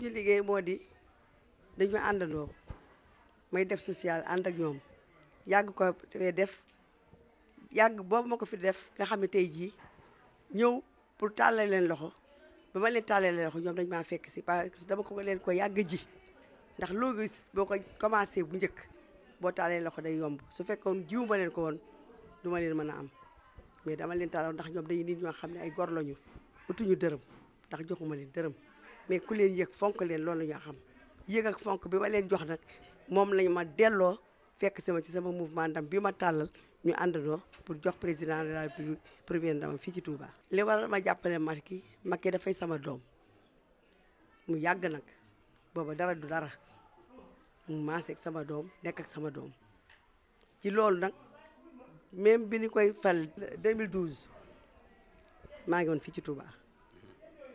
suñu liggéey moo di dañu àndandoo may def social ànd ak ñoom yàgg ko fee def yàgg boobu ma ko fi def nga xam ne tey jii ñëw pour tàllal leen loxo ba ma leen tàllal leen loxo ñoom dañ maa fekk si parce que dama ko leen ko yàgg ji ndax loo gis boo ko commencé bu njëkk boo tàllalee loxo day yomb su fekkoon jiw ma leen ko woon du ma leen mën a am mais dama leen tàllal ndax ñoom dañuy nit ñoo xam ne ay gor lañu utuñu dërëm ndax joxuma leen dërëm mais ku leen yëg fonk leen loolu la ñu xam yëg ak fonk bi ma leen jox nag moom lañ ma delloo fekk sama ci sama mouvement ndam bi ma tàllal ñu àndandoo pour jox président de la république premier ndamam fii ci Touba. li waral ma jàppale Macky Macky dafay sama doom mu yàgg nag boobu dara du dara mu maase sama doom nekk ak sama doom ci loolu nag même bi ñu koy fal 2012 maa ngi woon fii ci Touba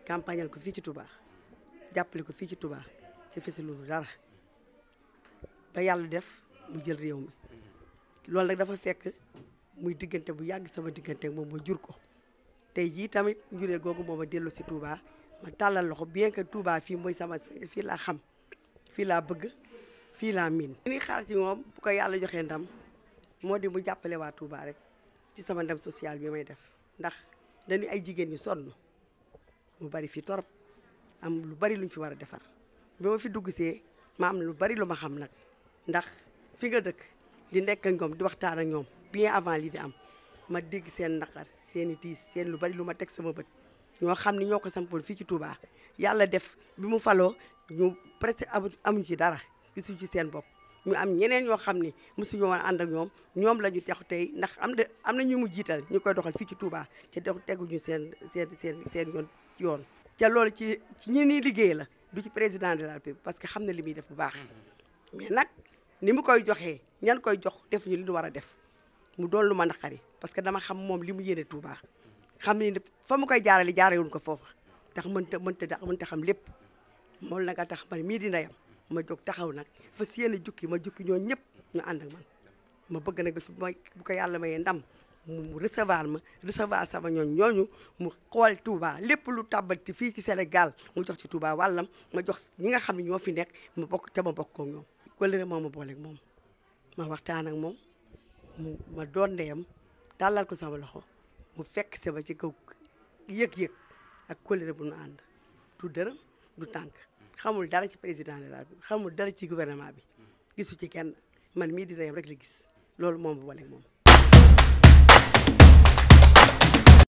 campagnal ko fii ci Touba. jàppale ko fii ci tubaa ci fësalul dara ba yàlla def mu jël réew mi loolu nag dafa fekk muy diggante bu yàgg sama diggante moom ma jur ko tey jii tamit njuree googu moom ma dellu si Touba ma tàllal loxo bien que Touba fii mooy sama fii laa xam fii laa bëgg fii laa miin. li ñuy ci moom bu ko yàlla joxee ndam moo di mu jàppale waa Touba rek ci sama ndam social bi may def ndax dañu ay jigéen yu sonn mu bari fii torop am lu bari luñ fi war a defar bi ma fi dugg see ma lu bari lu ma xam nag ndax fi nga dëkk di nekk ak di waxtaan ak ñoom bien avant lii di am ma dégg seen naqar seen i tiis seen lu bari lu ma teg sama bët ñoo xam ni ñoo ko sampoon fii ci Touba yàlla def bi mu faloo ñu presque amuñ ci dara gisuñ ci seen bopp ñu am ñeneen ñoo xam ni mosuñu woon ànd ak ñoom ñoom la ñu tax tey ndax am na am na ñu mu jiital ñu koy doxal fii ci Touba te teguñu seen seen seen seen yoon yoon ca loolu ci ci ñi liggéey la du ci président de la République parce que xam na li muy def bu baax mais nag ni mu koy joxee ñan koy jox def ñu li ñu war a def mu dool lu ma naqari parce que dama xam moom li mu yéene Touba xam ni fa mu koy jaaree jaarewuñ ko foofa tax mënta mënta mënta xam lépp moom la nga tax man mii di ndeyam ma jóg taxaw nag fas yéene jukki ma jukki ñoo ñëpp ñu ànd ak man ma bëgg nag bés bu ko yàlla mayee ndam mu recevoir ma recevoir sama ñooñ ñooñu mu xool Touba lépp lu tàbbati fii ci Sénégal mu jox si Touba wàllam ma jox ñi nga xam ne ñoo fi nekk ma bokk te ma bokkoo ak ñoom. kóllëre moom ma booleeg moom ma waxtaan ak moom mu ma doon ndeyam tàllal ko saba loxo mu fekk sama ci kaw yëg-yëg ak kóllëre bu nu ànd du dërëm du tànk xamul dara ci président de la République xamul dara ci gouvernement bi gisu ci kenn man mii di ndeyam rek la gis loolu moom ma booleeg moom.